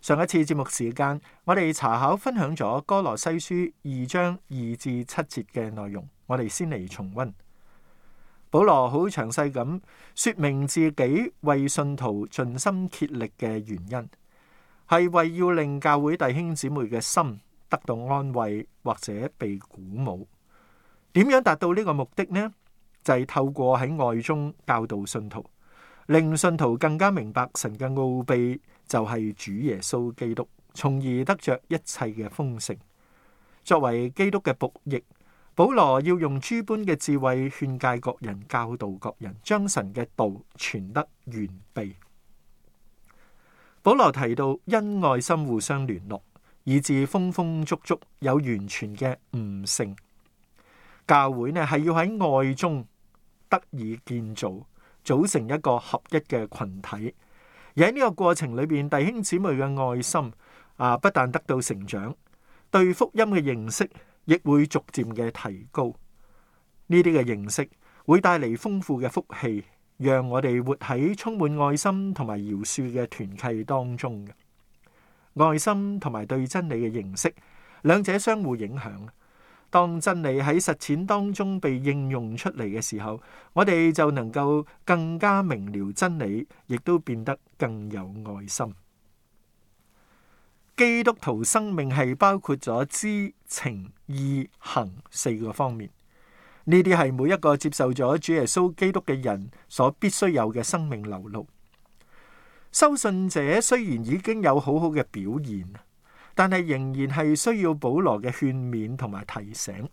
上一次節目時間，我哋查考分享咗《哥羅西書》二章二至七節嘅內容，我哋先嚟重溫。保羅好詳細咁說明自己為信徒盡心竭力嘅原因，係為要令教會弟兄姊妹嘅心得到安慰或者被鼓舞。點樣達到呢個目的呢？就係透過喺愛中教導信徒，令信徒更加明白神嘅奧秘。就係主耶穌基督，從而得着一切嘅豐盛。作為基督嘅僕役，保羅要用諸般嘅智慧勸誡各人、教導各人，將神嘅道傳得完備。保羅提到因愛心互相聯絡，以致豐豐足足有完全嘅悟性。教會呢係要喺愛中得以建造，組成一個合一嘅群體。而喺呢個過程裏邊，弟兄姊妹嘅愛心啊，不但得到成長，對福音嘅認識亦會逐漸嘅提高。呢啲嘅認識會帶嚟豐富嘅福氣，讓我哋活喺充滿愛心同埋饒恕嘅團契當中嘅愛心同埋對真理嘅認識，兩者相互影響。當真理喺實踐當中被應用出嚟嘅時候，我哋就能夠更加明了真理，亦都變得更有愛心。基督徒生命係包括咗知情意行四個方面，呢啲係每一個接受咗主耶穌基督嘅人所必須有嘅生命流露。收信者雖然已經有好好嘅表現。但係仍然係需要保羅嘅勸勉同埋提醒。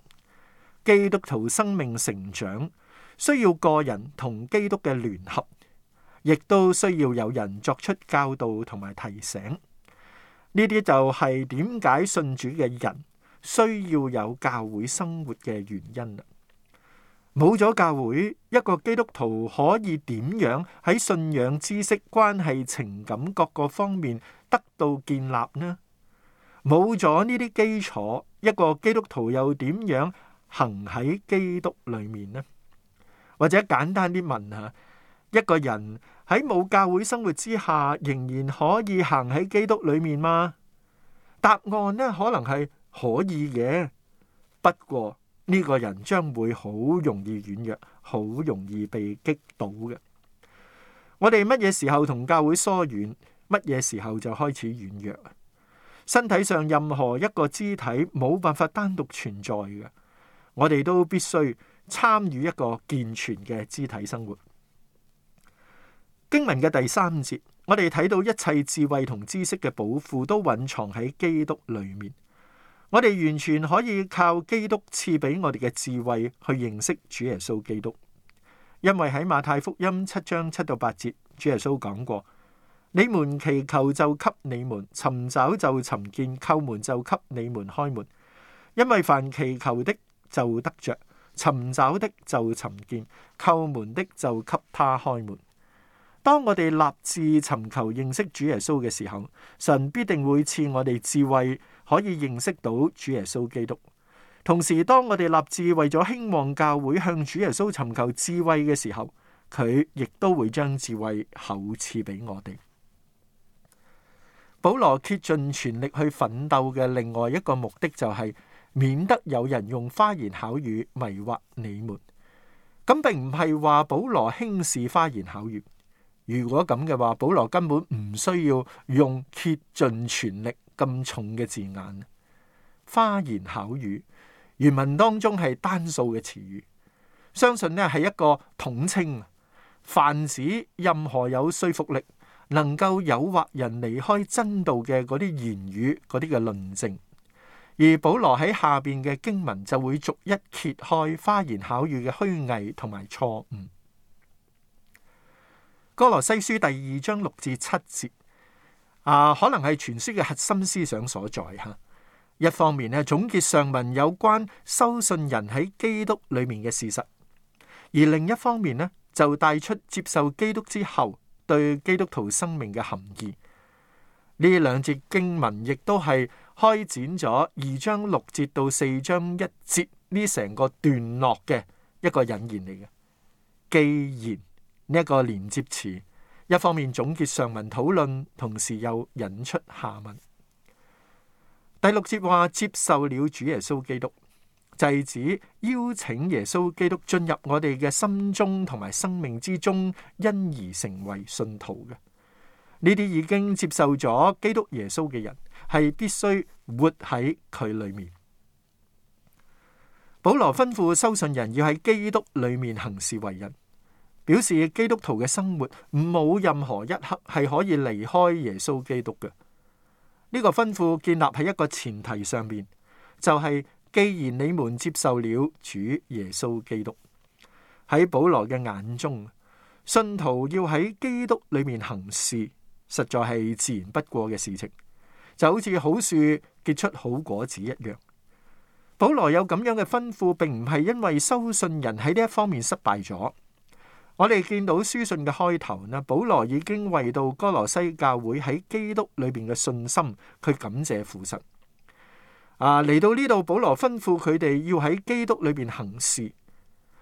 基督徒生命成長需要個人同基督嘅聯合，亦都需要有人作出教導同埋提醒。呢啲就係點解信主嘅人需要有教會生活嘅原因。冇咗教會，一個基督徒可以點樣喺信仰、知識、關係、情感各個方面得到建立呢？冇咗呢啲基礎，一個基督徒又點樣行喺基督裏面呢？或者簡單啲問下，一個人喺冇教會生活之下，仍然可以行喺基督裏面嗎？答案呢，可能係可以嘅，不過呢個人將會好容易軟弱，好容易被擊倒嘅。我哋乜嘢時候同教會疏遠，乜嘢時候就開始軟弱？身體上任何一個肢體冇辦法單獨存在嘅，我哋都必須參與一個健全嘅肢體生活。經文嘅第三節，我哋睇到一切智慧同知識嘅寶庫都隱藏喺基督裏面，我哋完全可以靠基督賜俾我哋嘅智慧去認識主耶穌基督，因為喺馬太福音七章七到八節，主耶穌講過。你們祈求就給你們，尋找就尋見，叩門就給你們開門。因為凡祈求的就得着，尋找的就尋見，叩門的就給他開門。當我哋立志尋求認識主耶穌嘅時候，神必定會賜我哋智慧，可以認識到主耶穌基督。同時，當我哋立志為咗興旺教會向主耶穌尋求智慧嘅時候，佢亦都會將智慧厚賜俾我哋。保羅竭盡全力去奮鬥嘅另外一個目的就係、是、免得有人用花言巧語迷惑你們。咁並唔係話保羅輕視花言巧語。如果咁嘅話，保羅根本唔需要用竭盡全力咁重嘅字眼。花言巧語原文當中係單數嘅詞語，相信呢係一個統稱，泛指任何有說服力。能夠誘惑人離開真道嘅嗰啲言語，嗰啲嘅論證，而保羅喺下邊嘅經文就會逐一揭開花言巧語嘅虛偽同埋錯誤。哥羅西書第二章六至七節啊，可能係全書嘅核心思想所在吓。一方面咧總結上文有關收信人喺基督裏面嘅事實，而另一方面咧就帶出接受基督之後。對基督徒生命嘅含義，呢兩節經文亦都係開展咗二章六節到四章一節呢成個段落嘅一個引言嚟嘅。既然呢一個連接詞，一方面總結上文討論，同時又引出下文。第六節話接受了主耶穌基督。制止邀請耶穌基督進入我哋嘅心中同埋生命之中，因而成為信徒嘅呢啲已經接受咗基督耶穌嘅人，係必須活喺佢裏面。保羅吩咐收信人要喺基督裏面行事為人，表示基督徒嘅生活冇任何一刻係可以離開耶穌基督嘅。呢、這個吩咐建立喺一個前提上面，就係、是。既然你們接受了主耶穌基督，喺保羅嘅眼中，信徒要喺基督裏面行事，實在係自然不過嘅事情，就好似好樹結出好果子一樣。保羅有咁樣嘅吩咐，並唔係因為收信人喺呢一方面失敗咗。我哋見到書信嘅開頭呢，保羅已經為到哥羅西教會喺基督裏邊嘅信心，去感謝父神。啊！嚟到呢度，保羅吩咐佢哋要喺基督裏邊行事，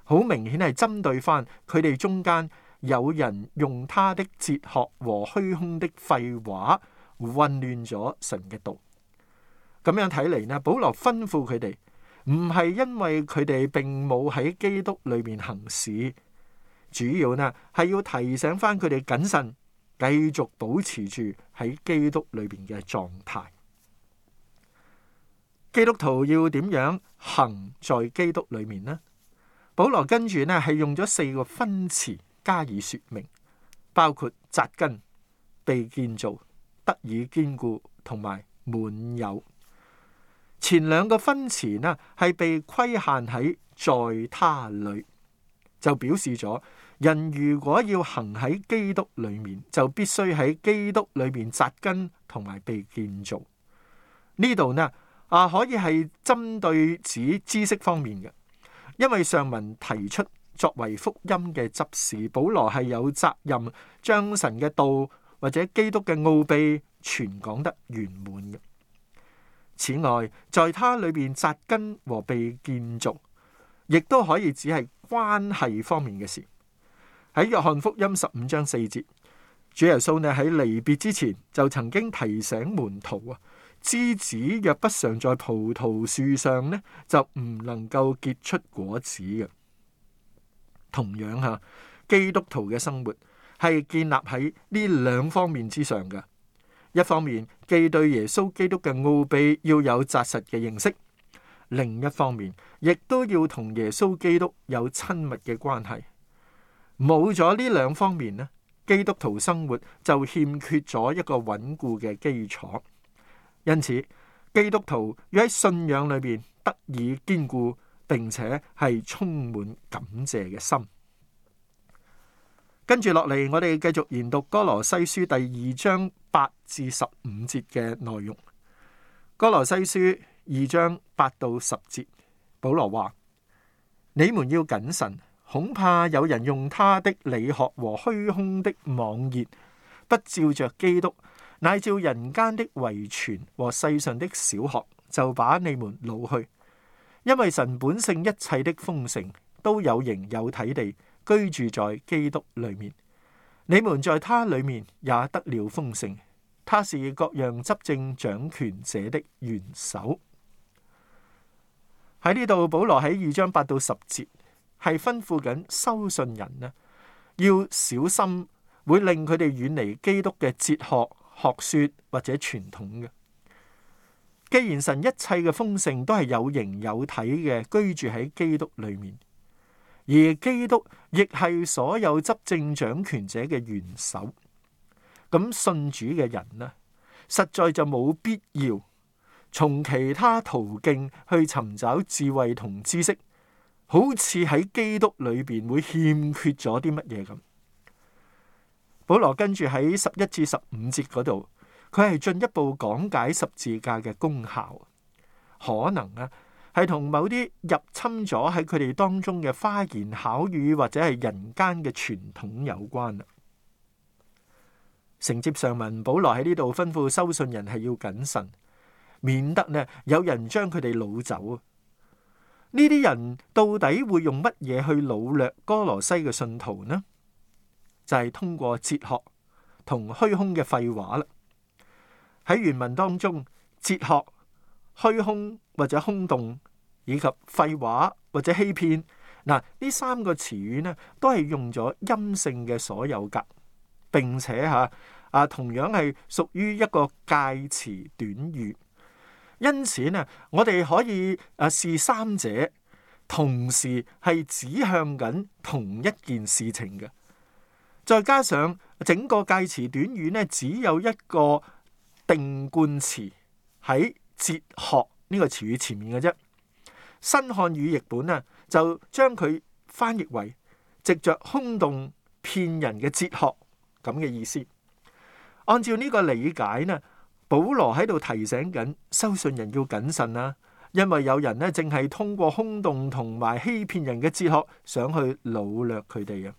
好明顯係針對翻佢哋中間有人用他的哲學和虛空的廢話混亂咗神嘅道。咁樣睇嚟，呢，保羅吩咐佢哋唔係因為佢哋並冇喺基督裏面行事，主要呢係要提醒翻佢哋謹慎，繼續保持住喺基督裏邊嘅狀態。基督徒要點樣行在基督裡面呢？保羅跟住呢係用咗四個分詞加以說明，包括紮根、被建造、得以堅固同埋滿有。前兩個分詞呢係被規限喺在，在他裡，就表示咗人如果要行喺基督裡面，就必須喺基督裡面紮根同埋被建造。呢度呢？話，可以係針對指知識方面嘅，因為上文提出作為福音嘅執事保羅係有責任將神嘅道或者基督嘅奧秘傳講得圓滿嘅。此外，在他裏邊扎根和被建造，亦都可以只係關係方面嘅事。喺約翰福音十五章四節，主耶穌呢喺離別之前就曾經提醒門徒啊。枝子若不常在葡萄樹上呢，就唔能夠結出果子嘅。同樣吓，基督徒嘅生活係建立喺呢兩方面之上嘅。一方面，既對耶穌基督嘅奧秘要有紮實嘅認識；另一方面，亦都要同耶穌基督有親密嘅關係。冇咗呢兩方面呢，基督徒生活就欠缺咗一個穩固嘅基礎。因此，基督徒要喺信仰裏邊得以堅固，並且係充滿感謝嘅心。跟住落嚟，我哋繼續研讀《歌羅西書》第二章八至十五節嘅內容。《歌羅西書》二章八到十節，保羅話：你們要謹慎，恐怕有人用他的理學和虛空的妄言，不照着基督。乃照人間的遺傳和世上的小學，就把你們擄去，因為神本性一切的豐盛都有形有體地居住在基督裏面。你們在他裏面也得了豐盛，他是各樣執政掌權者的元首。喺呢度，保羅喺二章八到十節係吩咐緊收信人呢，要小心會令佢哋遠離基督嘅哲學學說或者傳統嘅，既然神一切嘅豐盛都係有形有體嘅，居住喺基督裏面，而基督亦係所有執政掌權者嘅元首，咁信主嘅人呢，實在就冇必要從其他途徑去尋找智慧同知識，好似喺基督裏邊會欠缺咗啲乜嘢咁。保羅跟住喺十一至十五節嗰度，佢係進一步講解十字架嘅功效，可能咧係同某啲入侵咗喺佢哋當中嘅花言巧語或者係人間嘅傳統有關啦。承接上文，保羅喺呢度吩咐收信人係要謹慎，免得咧有人將佢哋擄走啊！呢啲人到底會用乜嘢去擄掠歌羅西嘅信徒呢？就係通過哲學同虛空嘅廢話啦。喺原文當中，哲學、虛空或者空洞，以及廢話或者欺騙嗱，呢三個詞語咧，都係用咗陰性嘅所有格。並且嚇啊，同樣係屬於一個介詞短語，因此咧，我哋可以啊，視三者同時係指向緊同一件事情嘅。再加上整個介詞短語呢，只有一個定冠詞喺哲學呢個詞語前面嘅啫。新漢語譯本啊，就將佢翻譯為藉着空洞騙人嘅哲學咁嘅意思。按照呢個理解呢，保羅喺度提醒緊收信人要謹慎啦，啊，因為有人呢，正係通過空洞同埋欺騙人嘅哲學，想去擄掠佢哋啊。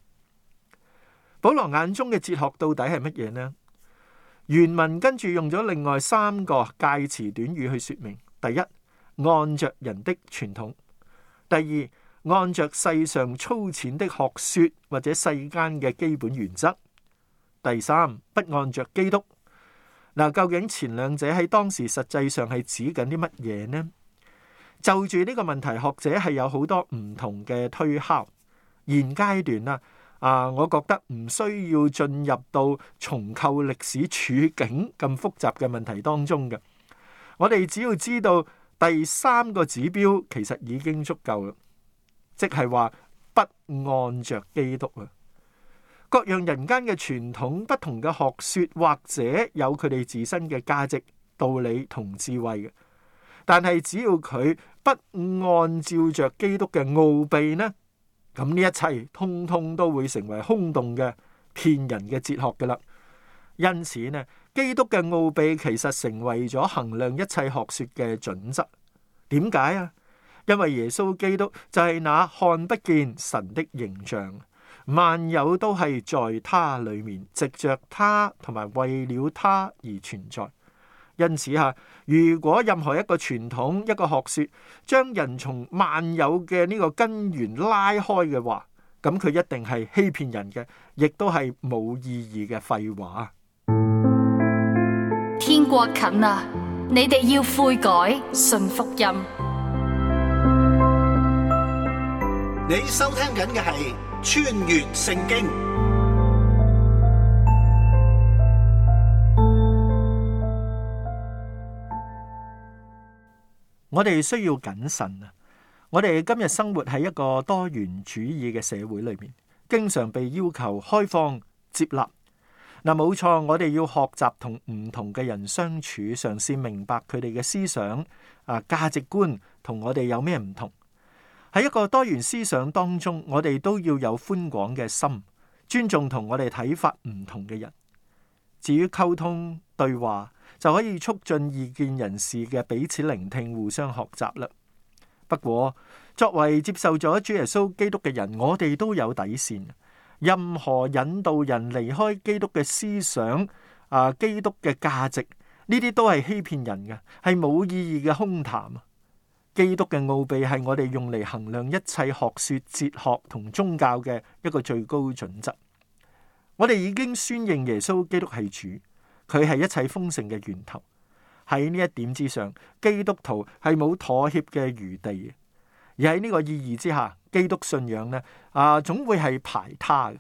保羅眼中嘅哲學到底係乜嘢呢？原文跟住用咗另外三個介詞短語去說明：第一，按着人的傳統；第二，按着世上粗淺的學說或者世間嘅基本原則；第三，不按着基督。嗱，究竟前兩者喺當時實際上係指緊啲乜嘢呢？就住呢個問題，學者係有好多唔同嘅推敲。現階段啦。啊，我覺得唔需要進入到重構歷史處境咁複雜嘅問題當中嘅。我哋只要知道第三個指標其實已經足夠啦，即係話不按著基督啊。各樣人間嘅傳統、不同嘅學説或者有佢哋自身嘅價值、道理同智慧嘅，但係只要佢不按照着基督嘅奧秘呢，咁呢一切通通都會成為空洞嘅騙人嘅哲學㗎喇，因此呢，基督嘅奧秘其實成為咗衡量一切學說嘅準則。點解啊？因為耶穌基督就係那看不見神的形象，萬有都係在他裏面，藉着他同埋為了他而存在。因此哈，如果任何一個傳統、一個學說，將人從萬有嘅呢個根源拉開嘅話，咁佢一定係欺騙人嘅，亦都係冇意義嘅廢話。天國近呀，你哋要悔改，信福音。你收聽緊嘅係《穿越聖經》。我哋需要謹慎啊！我哋今日生活喺一個多元主義嘅社會裏面，經常被要求開放接納。嗱，冇錯，我哋要學習同唔同嘅人相處，嘗試明白佢哋嘅思想啊、價值觀同我哋有咩唔同。喺一個多元思想當中，我哋都要有寬廣嘅心，尊重同我哋睇法唔同嘅人。至於溝通對話。就可以促進異見人士嘅彼此聆聽、互相學習啦。不過，作為接受咗主耶穌基督嘅人，我哋都有底線。任何引導人離開基督嘅思想、啊基督嘅價值，呢啲都係欺騙人嘅，係冇意義嘅空談。基督嘅奧秘係我哋用嚟衡量一切學說、哲學同宗教嘅一個最高準則。我哋已經宣認耶穌基督係主。佢係一切豐盛嘅源頭，喺呢一點之上，基督徒係冇妥協嘅餘地。而喺呢個意義之下，基督信仰呢啊總會係排他嘅。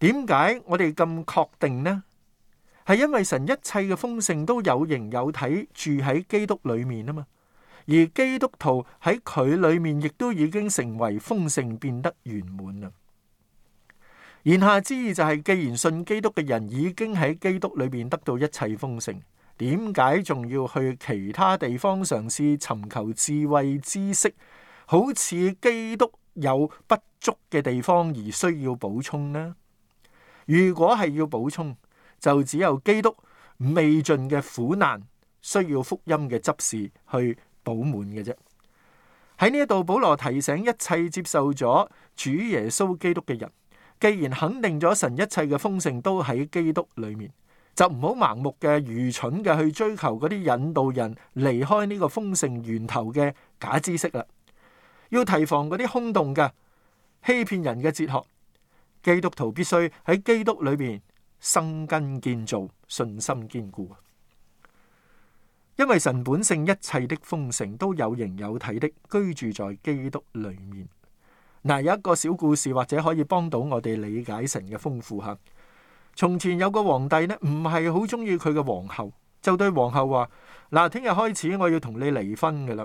點解我哋咁確定呢？係因為神一切嘅豐盛都有形有體住喺基督裏面啊嘛，而基督徒喺佢裏面亦都已經成為豐盛，變得圓滿啦。言下之意就係，既然信基督嘅人已經喺基督裏邊得到一切豐盛，點解仲要去其他地方嘗試尋求智慧知識？好似基督有不足嘅地方而需要補充呢？如果係要補充，就只有基督未盡嘅苦難需要福音嘅執事去補滿嘅啫。喺呢一度，保羅提醒一切接受咗主耶穌基督嘅人。既然肯定咗神一切嘅豐盛都喺基督裏面，就唔好盲目嘅、愚蠢嘅去追求嗰啲引導人離開呢個豐盛源頭嘅假知識啦。要提防嗰啲空洞嘅、欺騙人嘅哲學。基督徒必須喺基督裏面生根建造，信心堅固。因為神本性一切的豐盛都有形有體的居住在基督裏面。嗱、啊，有一個小故事，或者可以幫到我哋理解神嘅豐富吓。從前有個皇帝呢，唔係好中意佢嘅皇后，就對皇后話：嗱、啊，聽日開始我要同你離婚噶啦。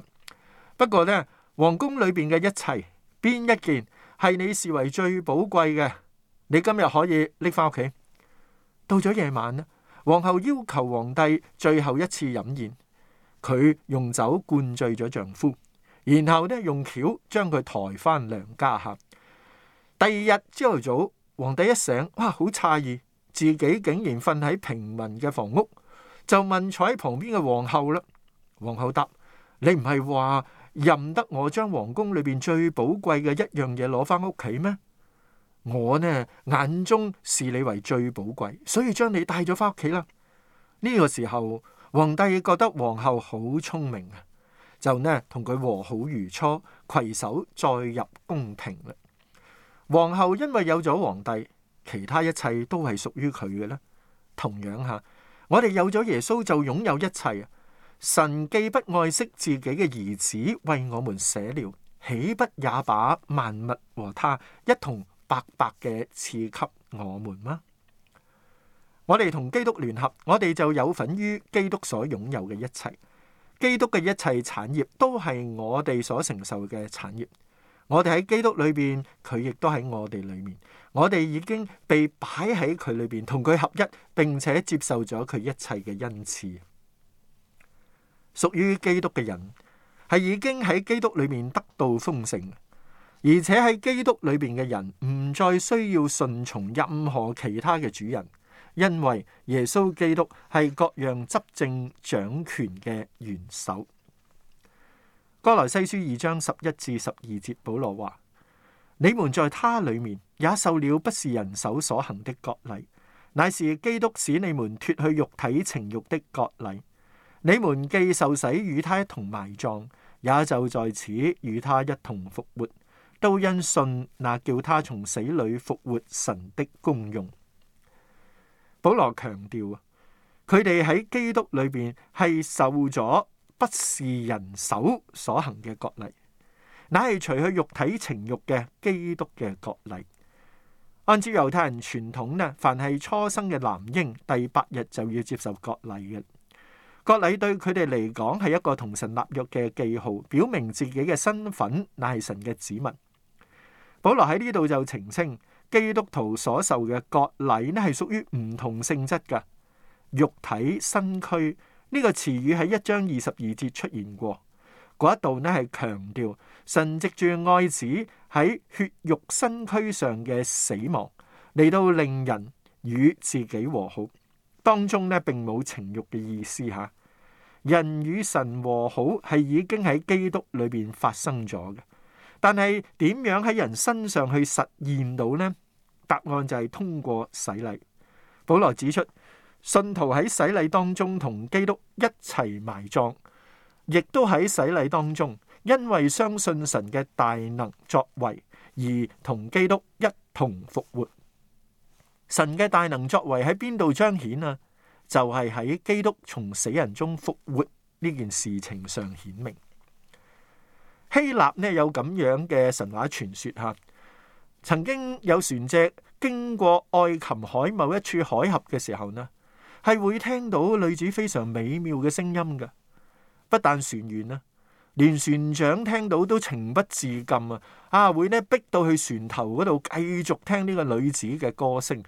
不過呢，皇宮裏邊嘅一切，邊一件係你視為最寶貴嘅，你今日可以拎翻屋企。到咗夜晚啦，皇后要求皇帝最後一次飲宴，佢用酒灌醉咗丈夫。然後呢，用轎將佢抬翻娘家客。第二日朝頭早，皇帝一醒，哇，好詫異，自己竟然瞓喺平民嘅房屋，就問坐喺旁邊嘅皇后啦。皇后答，你唔係話任得我將皇宮裏邊最寶貴嘅一樣嘢攞翻屋企咩？我呢眼中視你為最寶貴，所以將你帶咗翻屋企啦。呢個時候，皇帝覺得皇后好聰明啊。就呢，同佢和好如初，携手再入宮廷啦。皇后因為有咗皇帝，其他一切都係屬於佢嘅咧。同樣吓，我哋有咗耶穌就擁有一切。神既不愛惜自己嘅兒子為我們捨了，豈不也把萬物和他一同白白嘅賜給我們嗎？我哋同基督聯合，我哋就有份於基督所擁有嘅一切。基督嘅一切產業都係我哋所承受嘅產業，我哋喺基督裏邊，佢亦都喺我哋裏面，我哋已經被擺喺佢裏邊，同佢合一，並且接受咗佢一切嘅恩賜。屬於基督嘅人係已經喺基督裏面得到豐盛，而且喺基督裏邊嘅人唔再需要順從任何其他嘅主人。因為耶穌基督係各樣執政掌權嘅元首。歌羅西書二章十一至十二節，保羅話：你們在他裏面也受了不是人手所行的割禮，乃是基督使你們脫去肉體情欲的割禮。你們既受洗與他一同埋葬，也就在此與他一同復活，都因信那叫他從死裏復活神的功用。保羅強調啊，佢哋喺基督裏邊係受咗不是人手所行嘅割禮，乃係除去肉體情欲嘅基督嘅割禮。按照猶太人傳統呢，凡係初生嘅男嬰，第八日就要接受割禮。割禮對佢哋嚟講係一個同神立約嘅記號，表明自己嘅身份，乃係神嘅子民。保羅喺呢度就澄清。基督徒所受嘅割禮呢，係屬於唔同性質噶。肉體身軀呢，這個詞語喺一章二十二節出現過，嗰一度呢，係強調神藉住愛子喺血肉身軀上嘅死亡，嚟到令人與自己和好，當中呢，並冇情欲嘅意思吓。人與神和好係已經喺基督裏邊發生咗嘅。但係點樣喺人身上去實現到呢？答案就係通過洗禮。保羅指出，信徒喺洗禮當中同基督一齊埋葬，亦都喺洗禮當中，因為相信神嘅大能作為，而同基督一同復活。神嘅大能作為喺邊度彰顯啊？就係喺基督從死人中復活呢件事情上顯明。希臘呢，有咁樣嘅神話傳說吓，曾經有船隻經過愛琴海某一處海峽嘅時候呢，係會聽到女子非常美妙嘅聲音噶。不但船員啊，連船長聽到都情不自禁啊，啊會呢逼到去船頭嗰度繼續聽呢個女子嘅歌聲，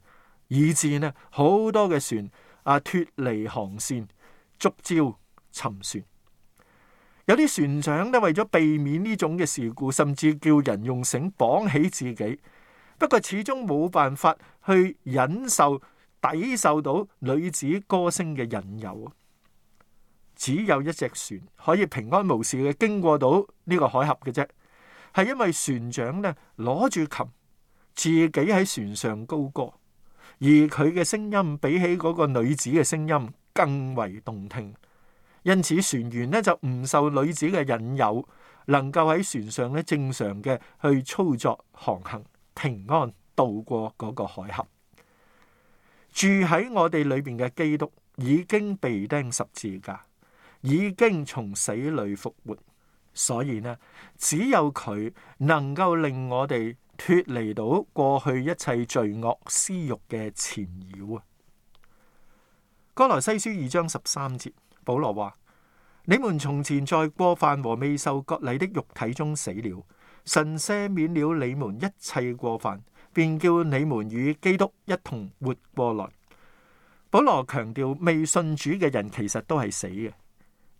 以至呢好多嘅船啊脫離航線，觸礁沉船。有啲船長咧，為咗避免呢種嘅事故，甚至叫人用繩綁起自己。不過始終冇辦法去忍受抵受到女子歌聲嘅引誘。只有一隻船可以平安無事嘅經過到呢個海峽嘅啫，係因為船長咧，攞住琴自己喺船上高歌，而佢嘅聲音比起嗰個女子嘅聲音更為動聽。因此，船員咧就唔受女子嘅引誘，能夠喺船上咧正常嘅去操作航行，平安渡過嗰個海峽。住喺我哋裏邊嘅基督已經被釘十字架，已經從死裏復活，所以呢，只有佢能夠令我哋脫離到過去一切罪惡私慾嘅纏繞啊。歌羅西書二章十三節。保羅話：你們從前在過犯和未受割禮的肉體中死了，神赦免了你們一切過犯，便叫你們與基督一同活過來。保羅強調，未信主嘅人其實都係死嘅。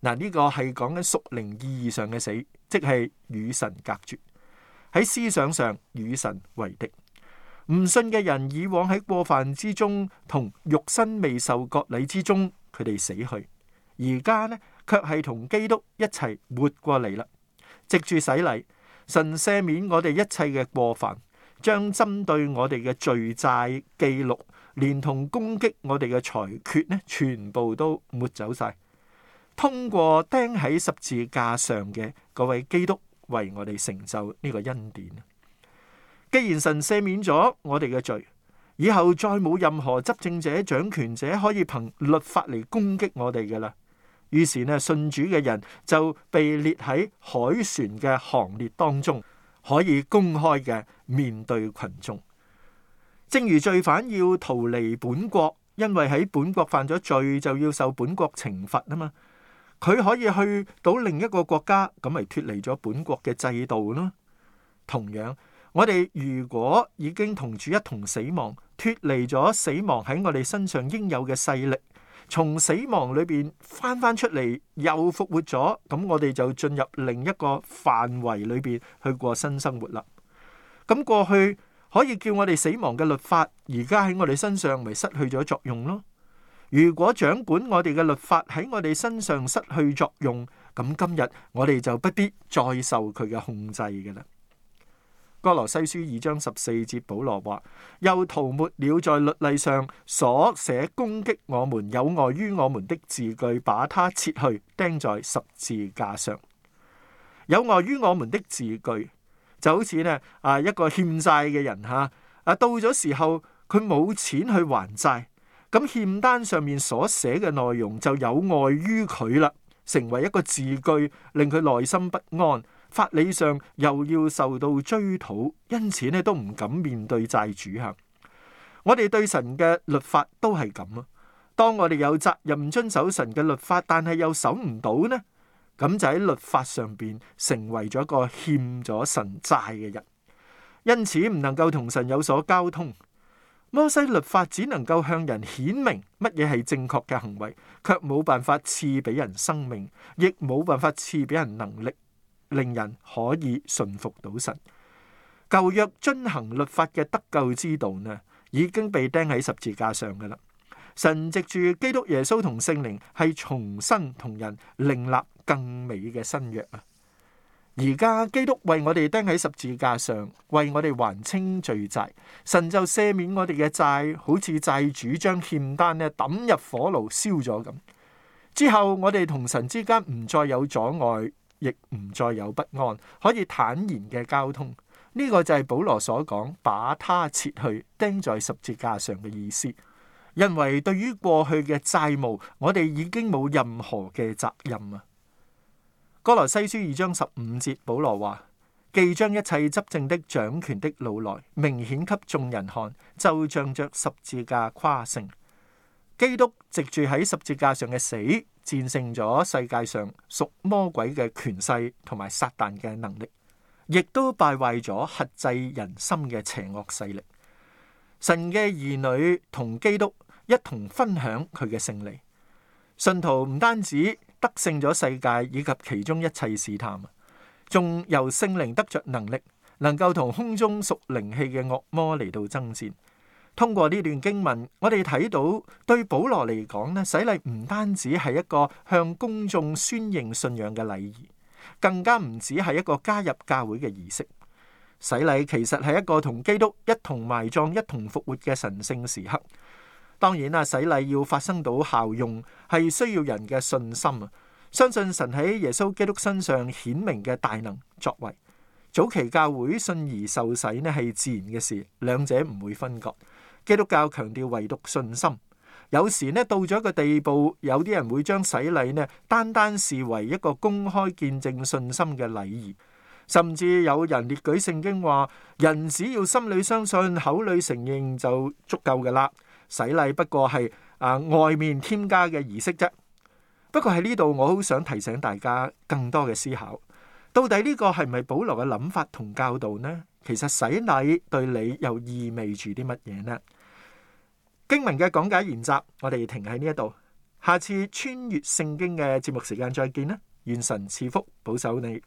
嗱，呢個係講緊屬靈意義上嘅死，即係與神隔絕，喺思想上與神為敵。唔信嘅人以往喺過犯之中，同肉身未受割禮之中，佢哋死去。而家呢，卻係同基督一齊活過嚟啦，藉住洗禮，神赦免我哋一切嘅過犯，將針對我哋嘅罪債記錄，連同攻擊我哋嘅裁決呢，全部都抹走晒。通過釘喺十字架上嘅嗰位基督，為我哋成就呢個恩典。既然神赦免咗我哋嘅罪，以後再冇任何執政者、掌權者可以憑律法嚟攻擊我哋噶啦。於是呢，信主嘅人就被列喺海船嘅行列當中，可以公開嘅面對群眾。正如罪犯要逃離本國，因為喺本國犯咗罪就要受本國懲罰啊嘛。佢可以去到另一個國家，咁咪脫離咗本國嘅制度咯。同樣，我哋如果已經同主一同死亡，脫離咗死亡喺我哋身上應有嘅勢力。從死亡裏邊翻翻出嚟，又復活咗，咁我哋就進入另一個範圍裏邊去過新生活啦。咁過去可以叫我哋死亡嘅律法，而家喺我哋身上咪失去咗作用咯。如果掌管我哋嘅律法喺我哋身上失去作用，咁今日我哋就不必再受佢嘅控制㗎啦。哥羅西書二章十四節保羅話：又塗抹了在律例上所寫攻擊我們有礙於我們的字句，把它撤去釘在十字架上。有礙於我們的字句，就好似呢啊，一個欠債嘅人吓啊，到咗時候佢冇錢去還債，咁欠單上面所寫嘅內容就有礙於佢啦，成為一個字句令佢內心不安。法理上又要受到追討，因此咧都唔敢面對債主啊。我哋對神嘅律法都係咁啊。當我哋有責任遵守神嘅律法，但係又守唔到呢，咁就喺律法上邊成為咗一個欠咗神債嘅人，因此唔能夠同神有所交通。摩西律法只能夠向人顯明乜嘢係正確嘅行為，卻冇辦法賜俾人生命，亦冇辦法賜俾人能力。令人可以順服到神，舊約遵行律法嘅得救之道呢，已經被釘喺十字架上㗎喇。神藉住基督耶穌同聖靈，係重新同人另立更美嘅新約啊！而家基督為我哋釘喺十字架上，為我哋還清罪債，神就赦免我哋嘅債，好似債主將欠單呢抌入火爐燒咗咁。之後我哋同神之間唔再有阻礙。亦唔再有不安，可以坦然嘅交通。呢、這個就係保羅所講，把他撤去釘在十字架上嘅意思。因為對於過去嘅債務，我哋已經冇任何嘅責任啊。歌羅西書二章十五節，保羅話：既將一切執政的掌權的擄來，明顯給眾人看，就仗著十字架誇勝。基督藉著喺十字架上嘅死。戰勝咗世界上屬魔鬼嘅權勢同埋撒但嘅能力，亦都敗壞咗轄制人心嘅邪惡勢力。神嘅兒女同基督一同分享佢嘅勝利。信徒唔單止得勝咗世界以及其中一切試探，仲由聖靈得着能力，能夠同空中屬靈氣嘅惡魔嚟到爭戰。通過呢段經文，我哋睇到對保羅嚟講咧，洗禮唔單止係一個向公眾宣認信仰嘅禮儀，更加唔止係一個加入教會嘅儀式。洗禮其實係一個同基督一同埋葬、一同復活嘅神聖時刻。當然啦，洗禮要發生到效用，係需要人嘅信心啊，相信神喺耶穌基督身上顯明嘅大能作為。早期教會信而受洗咧，係自然嘅事，兩者唔會分割。基督教強調唯獨信心，有時咧，到咗一個地步，有啲人會將洗禮咧，單單視為一個公開見證信心嘅禮儀，甚至有人列舉聖經話，人只要心裏相信、口裏承認就足夠噶啦，洗禮不過係啊外面添加嘅儀式啫。不過喺呢度，我好想提醒大家更多嘅思考，到底呢個係咪保羅嘅諗法同教導呢？其實洗禮對你又意味住啲乜嘢呢？經文嘅講解原則，我哋停喺呢一度。下次穿越聖經嘅節目時間再見啦！願神賜福保守你。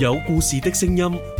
有故事的聲音。